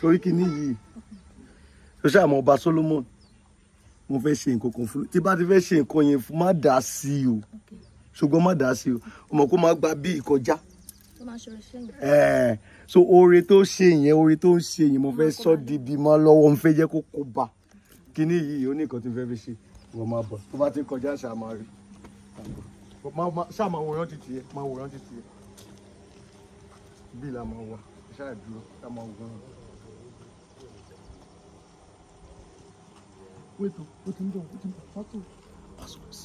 sórí kìíní yìí tó ṣáà ọba Solomon mo fẹ́ ṣe nǹkan kan fún tí bá ti fẹ́ ṣe nǹkan yẹn fún má dà sí o ṣùgbọ́n má dà sí o ọmọ kó má gba bí ìkọjá so oore tó ṣe yẹn oore tó ń ṣe yẹn mo fẹ́ sọ di bí mọ́ lọ́wọ́ mo fẹ́ jẹ́ kó kó bá kíní yìí ó ní nǹkan tí mo fẹ́ fi ṣe wọ́n máa bọ̀ tó bá ti kọjá ṣáà rí ṣáà máa wòran títì yẹ máa wòran títì yẹ bí la máa wà ṣáà dúró ká máa wọ ọ. wéètò ó ti ń bọ̀ ó ti ń bọ̀ pátó. pásọ sí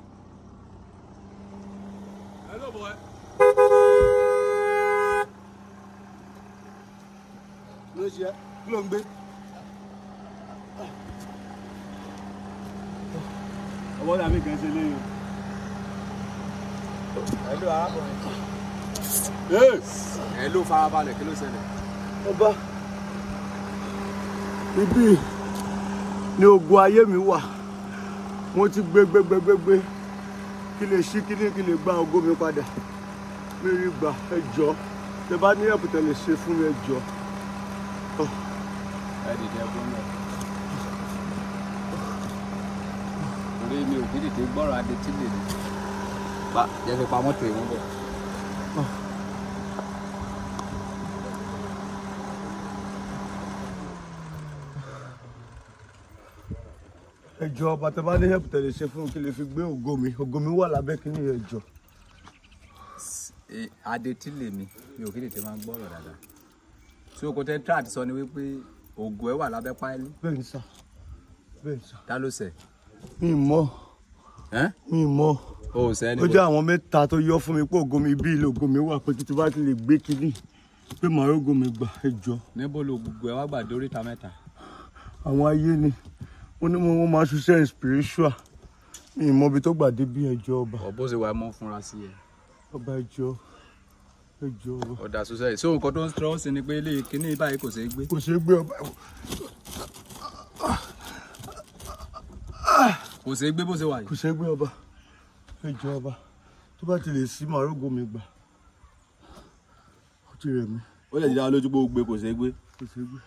ló ṣe kí ló ń gbé. ọwọ́ dàbí kan ṣe léyìn. ẹ̀lú arákùnrin. ẹ̀lú farabalẹ̀ kí ló ṣẹlẹ̀. ọba ibi ni ogun ayé mi wà mo ti gbé gbé gbé gbé gbé kí lè ṣí kí ní kí lè gba ògo mi padà mi rí gbà ẹ jọ̀ọ́ tẹ bá ní ẹ̀bùtẹ̀ lè ṣe fún mi ẹ jọ̀ọ́ ẹ dìde ẹkún náà torí mi ò kí tètè gbọ́rọ̀ adé tí lè ní pa jẹ́ fi pa mọ́tò ìwọ́n bẹ̀. ẹjọ bàtà bá ní help tẹlẹ ṣe fún kí lè fi gbé ògo mi ògo mi wà lábẹ́ kí ni ẹjọ. adé tí mi ò kí tètè máa ń gbọ́rọ̀ dáadáa tí o kò tẹ́ trad sọ ni wípé ògùn ẹ wà lábẹ́ páálí. bẹ́ẹ̀ ni sà bẹ́ẹ̀ ni sà. ta ló ṣe. mi mọ̀ mi mọ̀ o ṣe ẹni. ó jẹ́ àwọn mẹ́ta tó yọ fún mi pé ògo mi bí ilé ògo mi wà pé títí bá ti lè gbé kínní pé màá ògo mi gbà ẹ jọ. níbo lo gbogbo ẹ wá gbà dórí ta mẹ́ta. àwọn ayé ni ó ní mo máa ṣiṣẹ́ spiritual mi mọ̀ ibi tó gbà dé bí ẹjọ́ ọba. ọ̀bọ̀ ṣe wà mọ́ fúnra sí ẹ. ọba ẹjọ́ ọ̀dà sọ́sẹ́ yìí so nǹkan tó ń tọ́ sí ni pé ilé kíní báyìí kò ṣeé gbé. kò ṣeé gbé ọba kò ṣeé gbé bó ṣe wà yìí. kò ṣeé gbé ọba ẹjọ ọba tó bá ti lè sí màrúgò mi gbà ó ti rẹ̀ mí. ó lè jẹ́ alójú pé ó gbé kò ṣeé gbé. kò ṣeé gbé.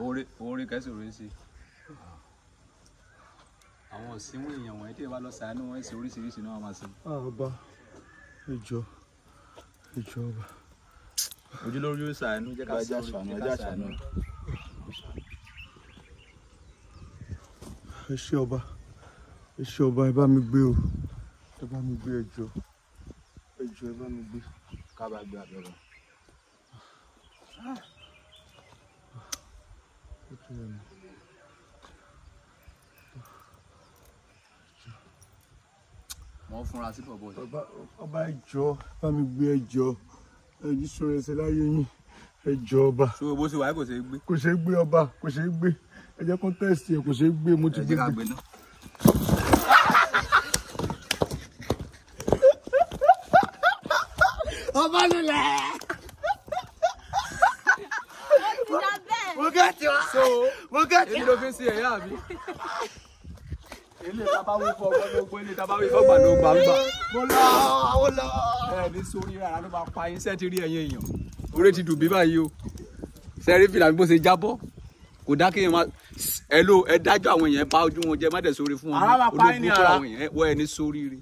oore oore kẹsì oore sí i àwọn òsínwó èèyàn wọ̀nyí tí ẹ bá lọ sàánú wọn ẹ sì oríṣiríṣi náà máa ṣe. àbá ìjọ ìjọba ojúlórí ó ṣàánú jẹ́ ká ṣàánú jẹ́ ká ṣàánú. ẹ ṣé ọba ẹ ọba ẹ bá mi gbé o ẹ bá mi gbé ẹjọ ẹjọ ẹ bá mi gbé. ká bá gbé àbẹ̀wò. mo ń sí bọ̀bọ̀ yìí. ọba ẹjọ bá mi gbé ẹjọ ẹ̀jú sọ̀rọ̀ ẹsẹ̀ láyé yín ẹjọ ọba. so bó ṣe wà kò ṣe é gbé. kò ṣe é gbé ọba kò ṣe é gbé ẹ jẹ́ kọ́ńtẹ́sì ẹ̀ kò ṣe é gbé mo ti gbé. ẹ jẹ́ ká gbé náà. ọba lulẹ̀. mo gẹ́ tiwa. so mo gẹ́ tiwa. èmi ló fi ń ṣe ẹ̀yà mi ilé tabawo fọ gbogbo ilé tabawo fọ gbàdó gbàgbà. mo lọ mo ní sórí rárá ló máa pa iṣẹ́ ti rí ẹ̀yìn èèyàn orí ti dùn bí báyìí o sẹ́rí fìlà bí bó ṣe jábọ́ kò dá kéèyàn máa ẹ ló ẹ dájọ́ àwọn èèyàn pa ojú wọn jẹ má dẹ̀ sórí fún wọn olóògùn tó àwọn èèyàn wọ ẹni sórí rí.